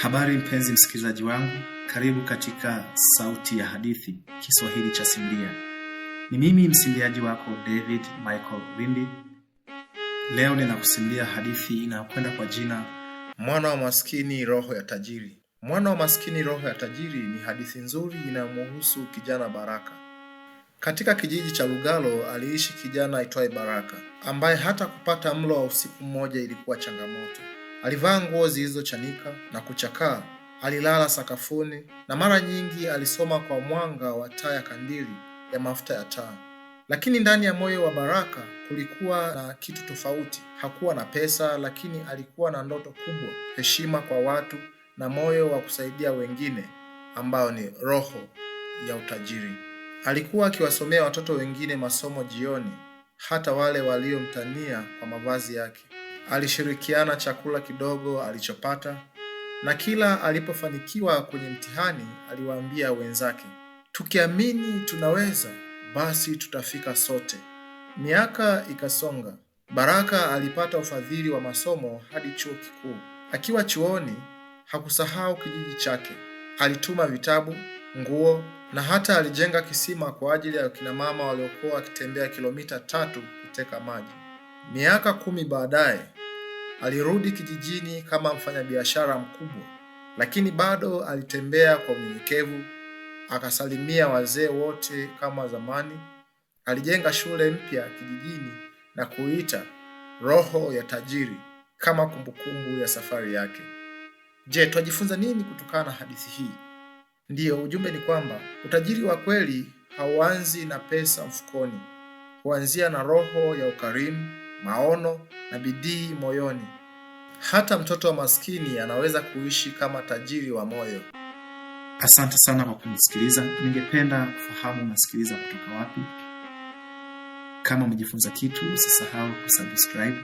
Habari mpenzi msikilizaji wangu, karibu katika Sauti ya Hadithi Kiswahili cha Simbia. Ni mimi msimbiaji wako David Michael Wimbi. Leo ninakusimbia hadithi inayokwenda kwa jina Mwana wa Maskini, Roho ya Tajiri. Mwana wa Maskini, Roho ya Tajiri ni hadithi nzuri inayomuhusu kijana Baraka. Katika kijiji cha Lugalo aliishi kijana aitwaye Baraka ambaye hata kupata mlo wa usiku mmoja ilikuwa changamoto. Alivaa nguo zilizochanika na kuchakaa, alilala sakafuni na mara nyingi alisoma kwa mwanga wa taa ya kandili ya mafuta ya taa. Lakini ndani ya moyo wa Baraka kulikuwa na kitu tofauti. Hakuwa na pesa, lakini alikuwa na ndoto kubwa, heshima kwa watu na moyo wa kusaidia wengine, ambayo ni roho ya utajiri. Alikuwa akiwasomea watoto wengine masomo jioni, hata wale waliomtania kwa mavazi yake. Alishirikiana chakula kidogo alichopata, na kila alipofanikiwa kwenye mtihani aliwaambia wenzake, tukiamini tunaweza basi tutafika sote. Miaka ikasonga. Baraka alipata ufadhili wa masomo hadi chuo kikuu. Akiwa chuoni hakusahau kijiji chake. Alituma vitabu, nguo na hata alijenga kisima kwa ajili ya wakinamama waliokuwa wakitembea kilomita tatu kuteka maji. Miaka kumi baadaye Alirudi kijijini kama mfanyabiashara mkubwa, lakini bado alitembea kwa unyenyekevu, akasalimia wazee wote kama zamani. Alijenga shule mpya kijijini na kuita Roho ya Tajiri kama kumbukumbu ya safari yake. Je, twajifunza nini kutokana na hadithi hii? Ndiyo, ujumbe ni kwamba utajiri wa kweli hauanzi na pesa mfukoni, huanzia na roho ya ukarimu maono na bidii moyoni. Hata mtoto wa maskini anaweza kuishi kama tajiri wa moyo. Asante sana kwa kunisikiliza. Ningependa kufahamu unasikiliza kutoka wapi. Kama umejifunza kitu, usisahau kusubscribe,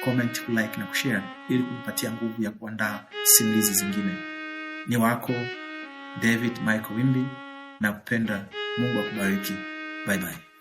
kucomment, kulike na kushare ili kunipatia nguvu ya kuandaa simulizi zingine. Ni wako David Michael Wimbi na kupenda. Mungu akubariki. Bye bye.